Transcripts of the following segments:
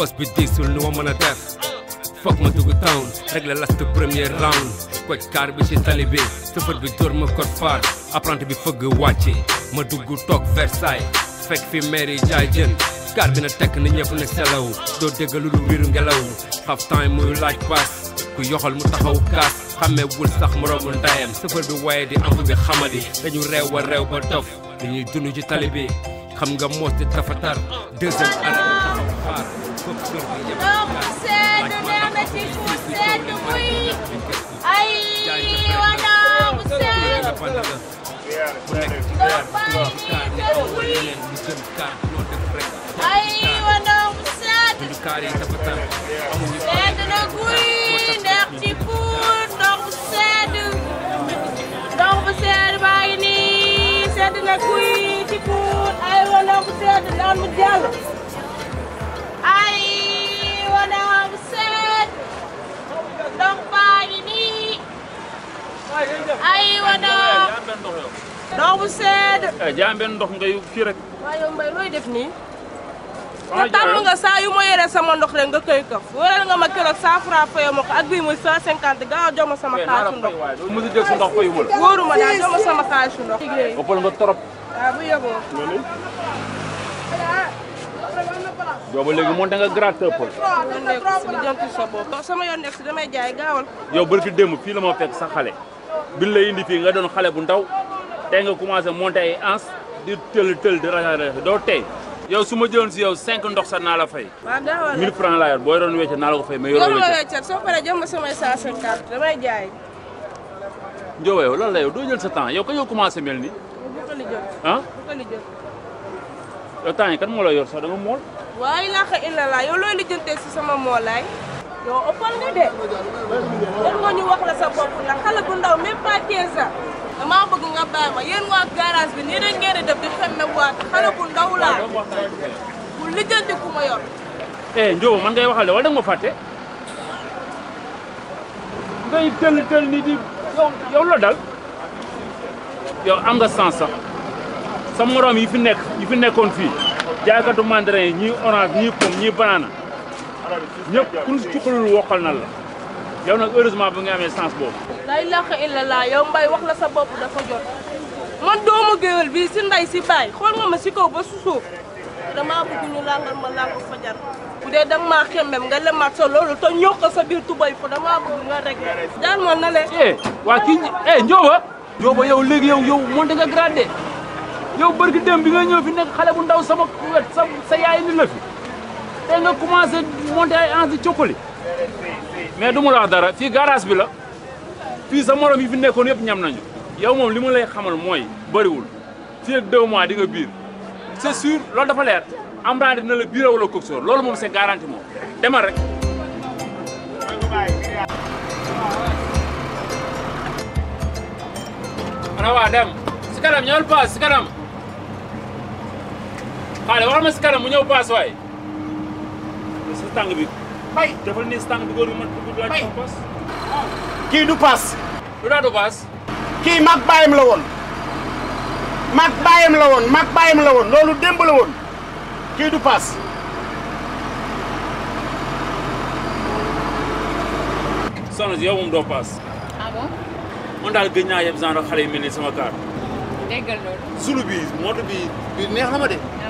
poste bi diisul mën a def foog ma dugg town rek la last premier round koj kaar bi ci tali bi sëfër bi dóor ma code far apprenti bi fëgg wàcce ma dugg toog Versailles fekk fi maire yi jaay jën kaar bi na tekk na ñëpp ne selaw doo dégg lu lu wiiru ngelaw xaftaan muy laaj paas ku yoxal mu taxaw kaas xàmmee wul sax moroomu ndayam sëfër bi waaye di am bi xamadi dañu reew wa reew ba dof dañuy dund ci tali bi xam nga moos di tafatar deuxième année taxaw Não consegue, né? Mas não consegue, eu fui. Aí, eu não consegue. Não vai, ninguém consegue. Aí, eu não consegue. É não consegue, não fui. Yeah. aywa daaw. daaw bu sedd. Eh, jaa benn ndox ngay kii def nii. nga tàmm nga saa yu ma sama ndox rek nga koy kaf wéral nga ma keroog 100 francs fayoo ma ko ak sama eh, xaalisu ndox. mos a jël sa ndox fayu ma la. wóoru ma daal jox ma sama nga trop. waaw ah, léegi moom nga gratte ëppal. sama yoon nekk si damay jaay gaawal. yow bari fi démb fii la bi la indi fii nga doon xale bu ndaw tey nga commencé monter ay ans di tël tël di rafetlu doo tey. yow su ma jëloon si yow cinq ndox sa naa la fay. waaw daa war a 1000 francs laa yor booy doon wecce naa la ko fay. mais yoroo wecce soo paree jël ma samay 150 damay jaay. Ndiobo yow lan la yow doo jël sa temps yow kañ yow commencé mel nii. yow temps yi kan moo la yor sax da mool. waaye laa ko indilaa yow looy lijjantee si sama moolaay. yow ëppal nga de def nga ñu wax sa bopp ndax xale bu ndaw même pas bëgg nga bàyyi ma yéen waa garage bi nii dañ ngeen di di xemme waat xale bu ndaw laa bu lijjanti ku ma yor eh Ndiobo man ngay waxal wala da nga ma fàtte ngay tël di yow yow la am nga sens sax sa morom yi fi nekk yi fi nekkoon fii jaaykatu mandarin yi ñii orange ñii pomme ñii banana ñëpp ku ci xulul wokkal na la yow nag heureusement bu nga amee sens boobu la ilaha illallah yow mbay wax la sa bopp dafa jot man doomu géwél bi si nday si baay xool nga ma ba dama bëgg ñu ma fajar bu dee dang maa xemmem nga lemaat sa loolu te ñoo ko sa biir tubay fa dama bëgg nga rek na le eh waa eh njóoba njóoba yow léegi yow yow monte nga grandé yow bërgi dem bi nga ñëw fi nek xalé bu ndaw sama wet sa yaay ni la fi te nga commencé monter ay ange di cokkali mais du ma la wax dara fii garage bi la fii sa morom yi fi nekkoon yëpp ñam nañu yow moom li ma lay xamal mooy bëriwul fii ak deux mois di nga biir c'est sûr loolu dafa leer Amran dina la biira wala coxeur loolu moom se garanti moom demal rek ana waa dem si kanam ñëwal paas si kanam xaale waxal si kanam mu ñëw paas waay si tàng bi. bay dafa ne si tàng bi góor kii du paas. lu daa du paas. kii mag baayam la woon. mag baayam la la woon loolu démb la woon kii du paas. soxna yow moom doo paas. ah daal gëj naa yem genre xale yu mel sama kaar. déggal loolu. sulu bi bi bi neex na ma de. Ah.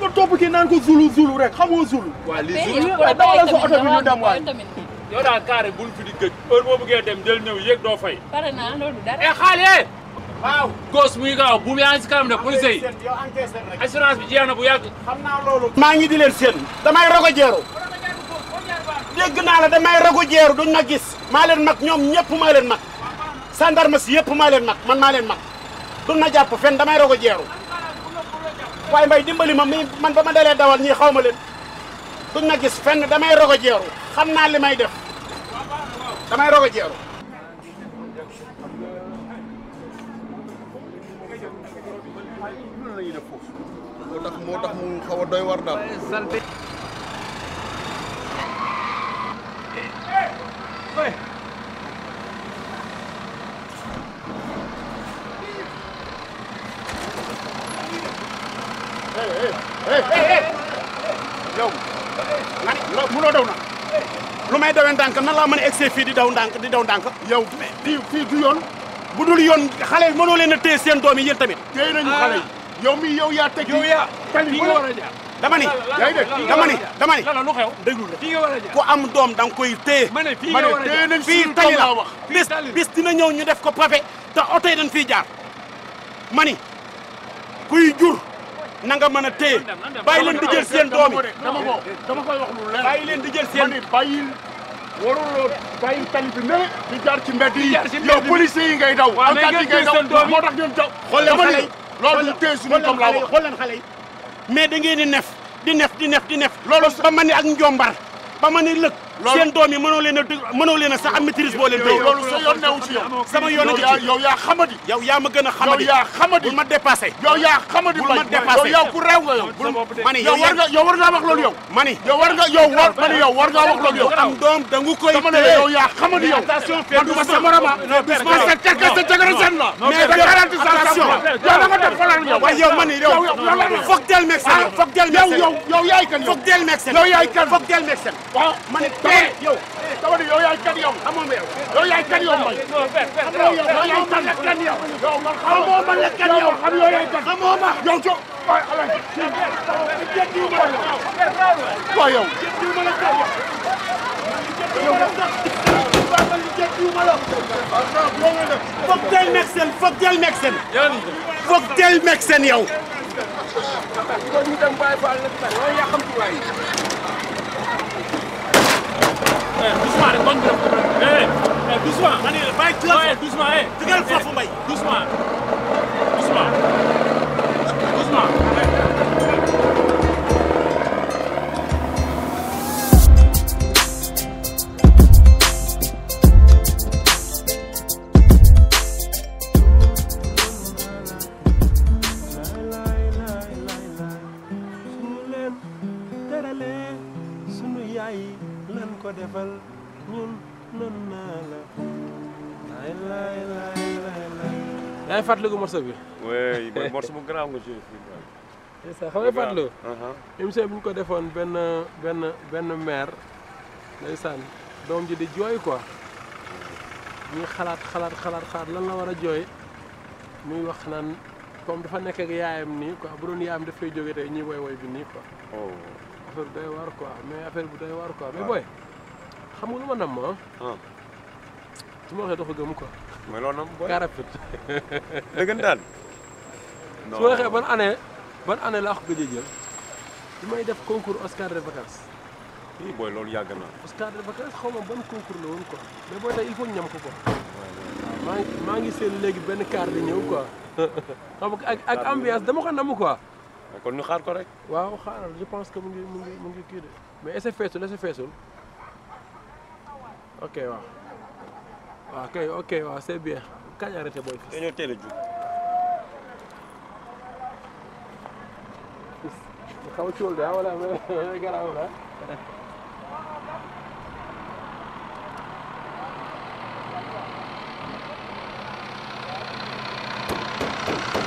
nga topp kii naan ko zulu zulu rek xamoo zulu. waaw li zulu dawalal sa oto bi ñu fi di gëj heure boo bëggee dem jël ñëw yéeg doo fay. pare naa loolu dara. eh gos muy gaaw bu yaa si kanam de police yi bi jeex na bu yàgg. xam naa loolu. maa ngi di leen seen damay rogo jeeru. dégg naa la damay rogo jeeru duñ ma gis. maa leen mag ñoom ñëpp maa leen mag. sandarma si yëpp maa leen mag man maa leen mag duñ ma jàpp fenn damay rogo jeeru. waaye mbay dimbali ma mi man ba ma dalee dawal ñii xaw ma leen duñ ma gis fenn damay rogo jeeru xam naa li may def damay rogo jeeru moo moo tax mu doy war daal dawee ndànk nan laa mën a egsee fii di daw ndànk di daw ndànk yow fii fii du yoon bu dul yoon xale yi mënoo leen a téye seen doom yi yéen tamit téye nañu xale ah. mi yow yaa yaa tali a dama ni yaa ngi dégg dama ni dama ni lu xew déglu la ku am doom da nga koy téye ma ne téye nañ fii tali la bis bis dina ñëw ñu def ko pavé te oto yi dañ fiy jaar ma ni kuy jur na nga mën a téye bàyyi leen di jël seen doom yi dama ko dama koy leen di seen waruloo bàyyi tali bi ne di jaar ci mbedd yi yow policiers yi ngay daw alkaati yi moo tax ñoom daw xool leen xale yi loolu tey suñu doom laa wax xool leen yi mais da ngeen di nef di nef di nef di nef loolu ba ma ni ak njombar ba ma ni lëkk loolu seen doom yi mënoo leen a mënoo leen a sax am maîtrise boo leen béy. loolu sa yoon a ci yaa xamadi. yow yaa a xamadi. yow yaa xamadi ku réew nga yow. mani war nga wax loolu yow. mani yow war nga wax loolu yow. am doom da nga koy téye yow yaa xamadi yow. nga def falan yow. waaye del meeg seen. del ah, meeg seen yow yow kan yow. del meeg seen yow yaay kan foog del meeg yow Tawadi yow yaay kat yow xamoo ma yow yow yaay kat yow man xamoo yow man yow man la kat yow yow man xamoo man la kat yow xam yow yaay kat xamoo ma yow jo waaye ala waaw yow foog del nekk seen foog del nekk seen foog del nekk seen yow Eh, doucement rek bañ ko def doucement. ma ne la bàyyi doucement. doucement eh. dugal foofu eh, mbay doucement doucement. ko defal ñun mën naa la. laay laay laay laay. bi. oui mooy morceau bu grand nga joué fii. c'est ça xam nga fàttaliku. Uh-huh. ñu ko defoon benn benn benn maire. ndeysaan doom ji di jooy quoi. ñuy xalaat xalaat xalaat lan la war a jooy. muy wax naan comme dafa nekk ak yaayam nii quoi bu doon yaayam daf fay jógee tey ñuy woy woy bi nii quoi. Oh. affaire bu doy waar quoi mais affaire bu doy waar quoi mais booy. xam nga lu ma nam ah. su ma waxee doo ko gëm quoi. mooy loo nam booy quarante. dëggantaan. non su ma waxee ban année ban année laa ko gëj a jël. bi may def concours Oscar de vacances. oui booy loolu yàgg na. Oscar de vacances xaw ma ban concours la woon quoi mais booy tey il faut ñam ko quoi. maa ngi maa ngi seen léegi benn car di ñëw quoi. xam nga ak ak ambiance dama ko nam quoi. kon ñu xaar ko rek. waaw xaaral je pense que mu ngi mu ngi mu ngi kii de mais ese feesul ese feesul. ok waaw Okay, ok waaw c'est bien kañ arrêté tell fii. dañoo teel a jug. xaw a ciwul daal wala garaawul ah. Thank you.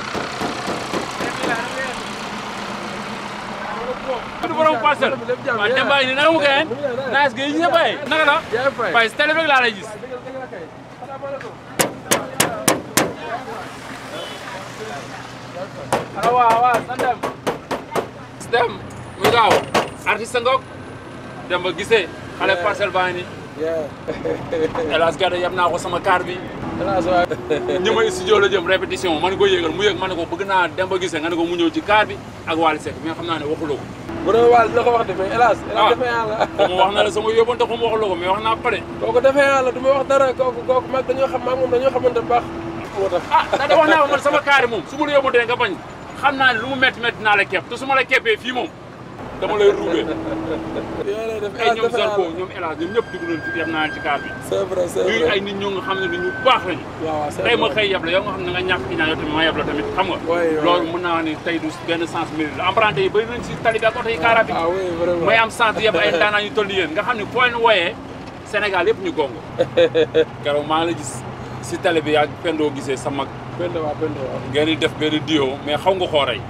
du borom parcelle a ngi nii naka mu gën naaj laa lay gis. allo waaw waaw sant dem. dem muy gaaw Demba Guissé xale parcelle baa ngi nii. El yab naa ko sama car bi. ñi may studio la jëm répétition mu yëg ma ne ko bëgg naa Demba Guissé nga ne ko mu ñëw ci car bi ak Wally Seck bi nga xam naa ne waxuloo ko. bu demee waal dina ko wax de mais hélas hélas defee yàlla xaw ma wax na la sama yóbbante xaw ma wax la ko mais wax naa pare kooku defee yàlla du ma wax dara kooku kooku mag dañoo xam maag moom dañoo xamante baax moo tax ah ndax de wax naa ko man sama kaari moom su ma la yóbbante nga bañ xam naa ne lu mu métti métti naa la kepp te su ma la keppee fii moom dama lay ruubee. yéen ah, ñoom Zarko ñoom El Hadj ñoom ñëpp dugg nga xam ne nit ñu baax lañu. waaw waaw c'est vrai tey ma xëy yable yow nga xam ne nga ñàkk ci ñaan yow tamit ma yable tamit xam nga. loolu mën naa ne tey du benn sens mérite la emprunté ah, nga xam ne foo leen wooyee Sénégal yëpp ñu gongo keroog maa la gis si tali bi yaa pendoo gisee sa mag. pendoo waaw ngeen di def benn dio mais xaw nga xooray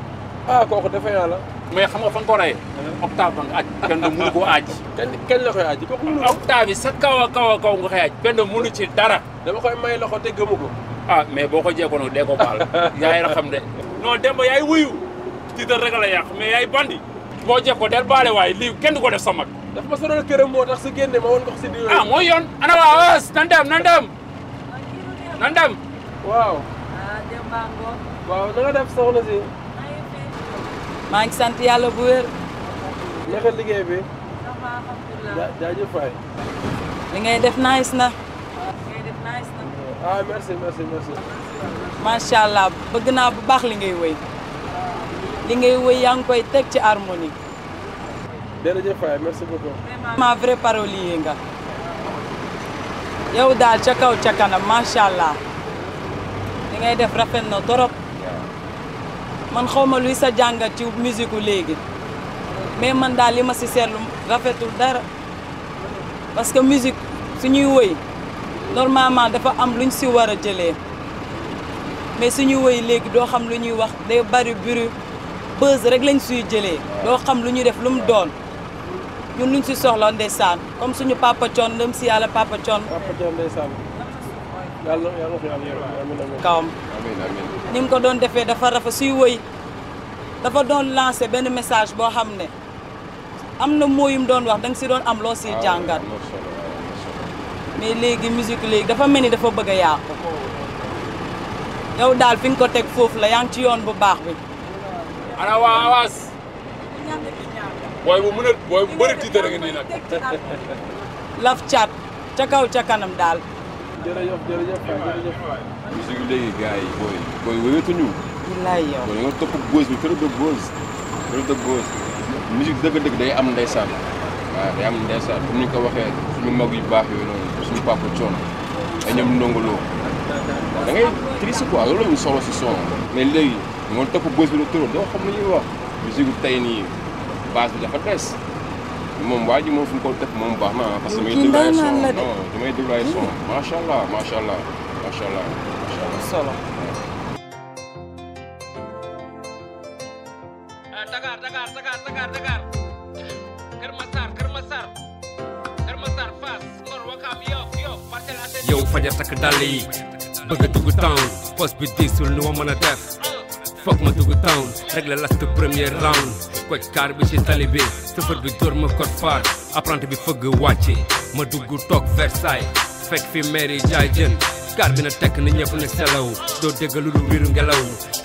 ah kooku defe naa mais xam nga fa nga ko rey. octave a a kaw dara. dama koy may loxo te ko. Ah, mais boo ko jéego nag dee ko baal yaay la xam de. non Demba yaay boo jéego del baale waaye lii ko def sa mag. dafa moo tax si génne ma woon ko si diwéer. ah mooy yoon ana waa waas nan waaw. Ah, mang ngi sant yàlla bu wer naka liggéey bi. alhamdulilah jaajëf waay. li nice na. ah merci merci merci. macha allah bëgg bu baax li ngay wëy. li ngay wëy koy ci harmonie. li def rafet na man xaw luy sa jàngat ci musique gu mais man da li ma si seetlu rafetul dara parce que musique suñuy woy normalement dafa am luñ ci wara a mais suñuy woy léegi do xam luñuy wax day bari bruit buzz rek lañ suy jëlee do xam luñuy def lum doon ñun luñ ci soxla ndessane comme suñu papa Thione ndem si yàlla papa tion papa tion ndessane yalla ndeysaan yàlla yàlla kawam. ni mu ko doon defee dafa rafet suy woy dafa doon lancé benn message boo xam ne am na mooyum doon wax danga si doon am loo siy ah, jàngat mais léegi musique léegi dafa mel ni dafa bëgg a yàqu yow daal fi nga ko teg foofu la yaa ngi ci yoon bu baax bi ana waa mën a booy bu bëri tiit ca kaw ca kanam daal Mwen se yon gay, boy. Boy, wè yon tou nou. Yon la yon. Boy, yon topo goz, mwen kero do goz. Kero do goz. Müzik dëgg dëgg day am ndeysaan. Waaw, day am ndeysaan. Comme ni ko waxee, suñu mag yu baax yooyu noonu, suñu papa Thion. Ay ñoom ndongoloo. Da ngay triste quoi, loolu la ñu solo si son. Mais léegi, nga topp goz bi la trop, doo xam lu wax. Musique tey nii, base bi dafa des. moom waa ji moom fu ko def moom baax parce que damay déglu son non damay déglu son macha allah macha allah macha allah solo. Dakar Dakar fajar takk dàll yi bëgg a dugg town post bi diisul lu ma mën a def foog ma dugg town rek la last premier round koj kaar bi ci tali bi sëfër bi dóor ma code far bi fëgg wàcce ma dugg toog Versailles fekk fi mairie jaay jën kaar bi na tekk na ñëpp ne selaw doo déggalu lu wiru ngelaw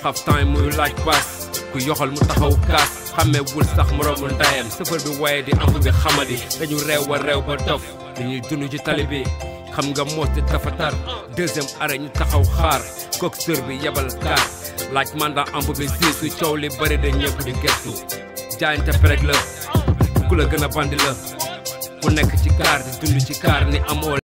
xaftaan muy laaj paas ku yoxal mu taxaw kaas xàmmewul sax moroomu ndayam sëfër bi waaye di am bi xamadi dañu reew wa reew ba dof dañuy dund ci tali bi xam nga moo moos di tafatar deuxième arrêt ñu taxaw xaar coxeur bi yebal kaar laaj mandat amp bi sii su coow li bëri da ñëpp di gestu jaayante pereg la ku la gën bandi la ku nekk ci kaar di dund ci kaar ni amoo